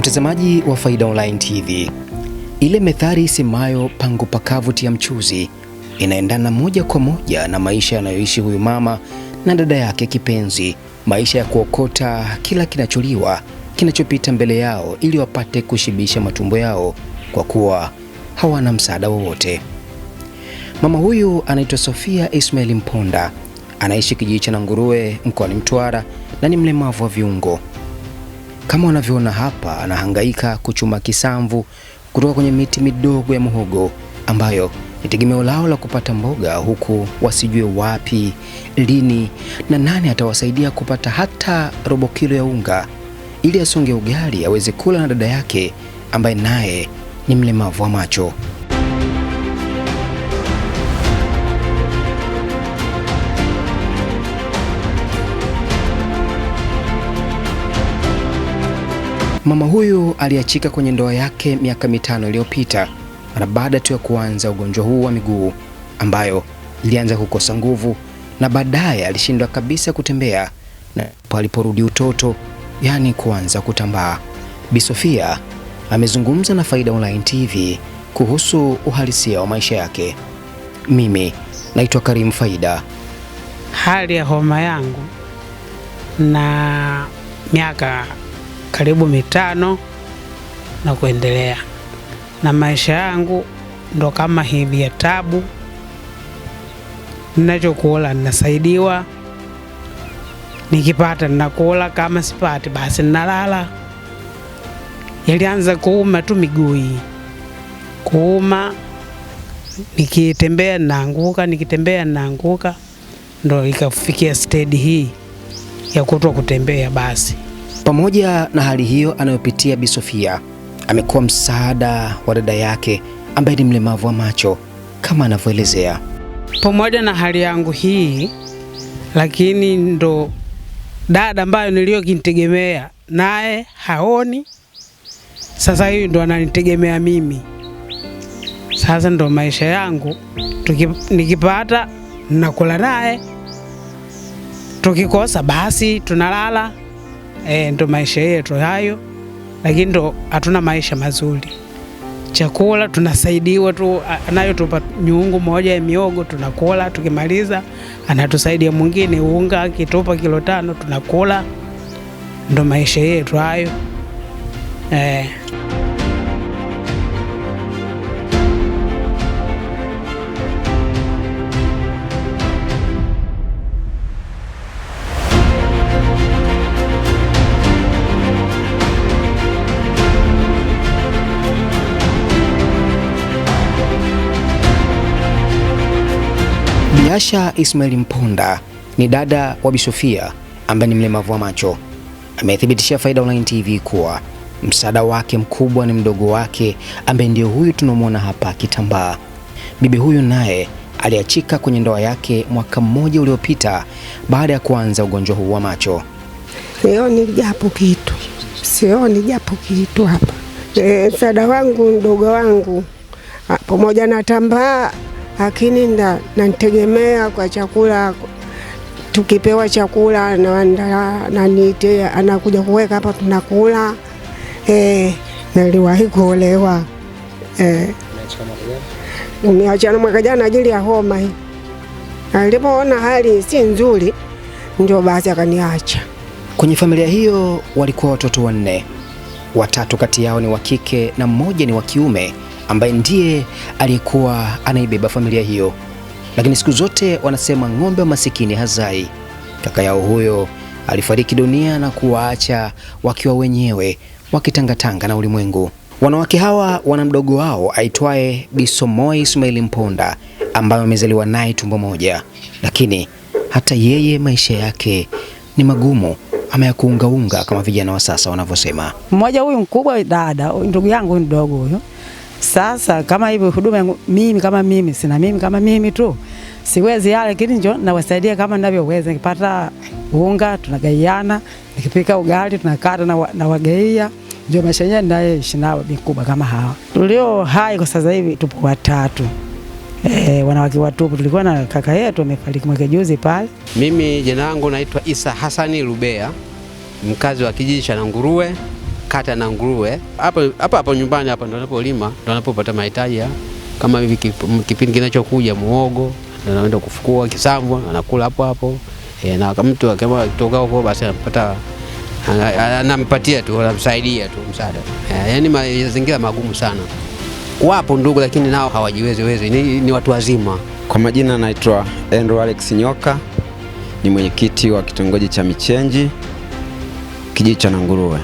Mtazamaji wa Faida Online TV, ile methali isemayo pangu pakavu tia mchuzi inaendana moja kwa moja na maisha yanayoishi huyu mama na dada yake kipenzi, maisha ya kuokota kila kinacholiwa kinachopita mbele yao ili wapate kushibisha matumbo yao kwa kuwa hawana msaada wowote. Mama huyu anaitwa Sofia Ismail Mponda, anaishi kijiji cha Nanguruwe mkoani Mtwara na ni mlemavu wa viungo. Kama unavyoona hapa, anahangaika kuchuma kisamvu kutoka kwenye miti midogo ya muhogo ambayo ni tegemeo lao la kupata mboga, huku wasijue wapi, lini na nani atawasaidia kupata hata robo kilo ya unga ili asonge ugali aweze kula na dada yake ambaye naye ni mlemavu wa macho. Mama huyu aliachika kwenye ndoa yake miaka mitano iliyopita mara baada tu ya kuanza ugonjwa huu wa miguu ambayo ilianza kukosa nguvu na baadaye alishindwa kabisa kutembea na aliporudi utoto, yaani kuanza kutambaa. Bi Sofia amezungumza na Faida Online TV kuhusu uhalisia wa maisha yake. Mimi naitwa Karim Faida. Hali ya homa yangu na miaka karibu mitano na kuendelea, na maisha yangu ndo kama hivi ya tabu. Ninachokula ninasaidiwa, nikipata ninakula, kama sipati basi ninalala. Ilianza kuuma tu miguu kuuma, nikitembea naanguka, nikitembea naanguka, ndo ikafikia stedi hii ya kutwa kutembea basi. Pamoja na hali hiyo anayopitia, Bi Sofia amekuwa msaada wa dada yake ambaye ni mlemavu wa macho kama anavyoelezea. Pamoja na hali yangu hii, lakini ndo dada ambayo niliyokintegemea naye haoni, sasa hivi ndo ananitegemea mimi. Sasa ndo maisha yangu, nikipata nakula naye, tukikosa basi tunalala E, ndo maisha yetu hayo, lakini ndo hatuna maisha mazuri. Chakula tunasaidiwa tu, anayotupa nyungu moja ya miogo tunakula, tukimaliza anatusaidia mwingine unga, akitupa kilo tano tunakula. Ndo maisha yetu hayo eh. Nyasha Ismail Mponda ni dada wa Bi ambaye ni mlemavu wa macho. Amethibitishia Faida Online TV kuwa msaada wake mkubwa ni mdogo wake ambaye ndio huyu tunamwona hapa akitambaa. Bibi huyu naye aliachika kwenye ndoa yake mwaka mmoja uliopita baada ya kuanza ugonjwa huu wa macho. Sioni japo kitu, sioni japo kitu hapa. E, msaada wangu mdogo wangu ah, pamoja na tambaa lakini nanitegemea kwa chakula tukipewa chakula na anakuja kuweka hapa tunakula. Eh, niliwahi kuolewa eh, niachana mwaka jana ajili ya homa hii. Alipoona hali si nzuri, ndio basi akaniacha. Kwenye familia hiyo walikuwa watoto wanne, watatu kati yao ni wa kike na mmoja ni wa kiume ambaye ndiye aliyekuwa anaibeba familia hiyo, lakini siku zote wanasema ng'ombe wa masikini hazai. Kaka yao huyo alifariki dunia na kuwaacha wakiwa wenyewe wakitangatanga na ulimwengu. Wanawake hawa wana mdogo wao aitwaye Bisomoi Ismail Mponda ambaye amezaliwa naye tumbo moja, lakini hata yeye maisha yake ni magumu ama ya kuungaunga kama vijana wa sasa wanavyosema. Mmoja huyu mkubwa dada, ndugu yangu mdogo huyo sasa kama hivyo huduma mimi kama mimi sina mimi kama mimi tu siwezi yale, lakini njo nawasaidia kama ninavyoweza. Nikipata unga tunagaiana, nikipika ugali tunakata na, na wagaia. Ndio maisha yenyewe ninayeishi nao mikubwa kama hawa tulio hai kwa sasa hivi, tupo watatu e, wanawake watupu. Tulikuwa na kaka yetu amefariki mwaka juzi pale. Mimi jina langu naitwa Isa Hasani Rubea, mkazi wa kijiji cha Nanguruwe kata na nguruwe hapo hapo hapo nyumbani, hapa ndo napolima, ndo napopata mahitaji kama hivi. Kipindi kinachokuja muogo ndo naenda kufukua kisamvu, anakula hapo hapo e, na mtu kama kutoka huko basi anapata anampatia tu, anamsaidia tu msaada e, yani mazingira magumu sana. Wapo ndugu lakini nao hawajiwezi wezi, ni, ni watu wazima. Kwa majina naitwa Andrew Alex Nyoka, ni mwenyekiti wa kitongoji cha Michenji kijiji cha Nanguruwe.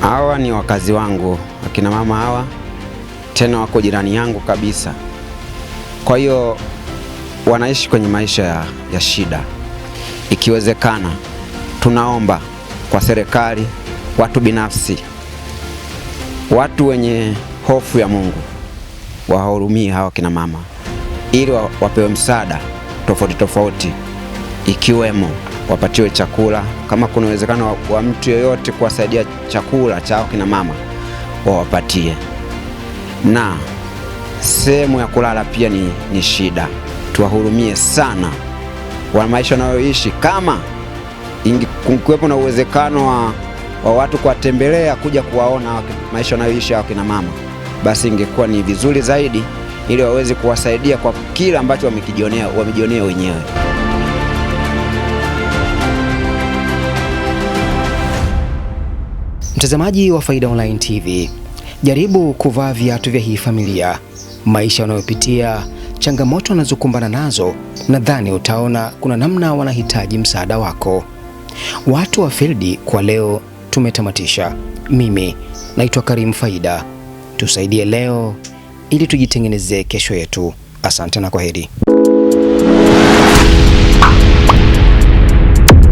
Hawa ni wakazi wangu, akina mama hawa, tena wako jirani yangu kabisa. Kwa hiyo wanaishi kwenye maisha ya, ya shida. Ikiwezekana tunaomba kwa serikali, watu binafsi, watu wenye hofu ya Mungu wahurumie hawa kina mama ili wapewe msaada tofauti tofauti ikiwemo wapatiwe chakula, kama kuna uwezekano wa mtu yeyote kuwasaidia chakula chao kina mama wawapatie, na sehemu ya kulala pia ni, ni shida. Tuwahurumie sana wa maisha wanayoishi. Kama kuwepo na uwezekano wa, wa watu kuwatembelea kuja kuwaona maisha wanayoishi hao kina mama, basi ingekuwa ni vizuri zaidi, ili waweze kuwasaidia kwa kila ambacho wamejionea wenyewe. Mtazamaji wa Faida Online TV, jaribu kuvaa viatu vya hii familia. Maisha wanayopitia, changamoto wanazokumbana nazo, nadhani utaona kuna namna wanahitaji msaada wako. Watu wa fildi kwa leo tumetamatisha. Mimi naitwa Karim Faida. Tusaidie leo ili tujitengenezee kesho yetu. Asante na kwaheri.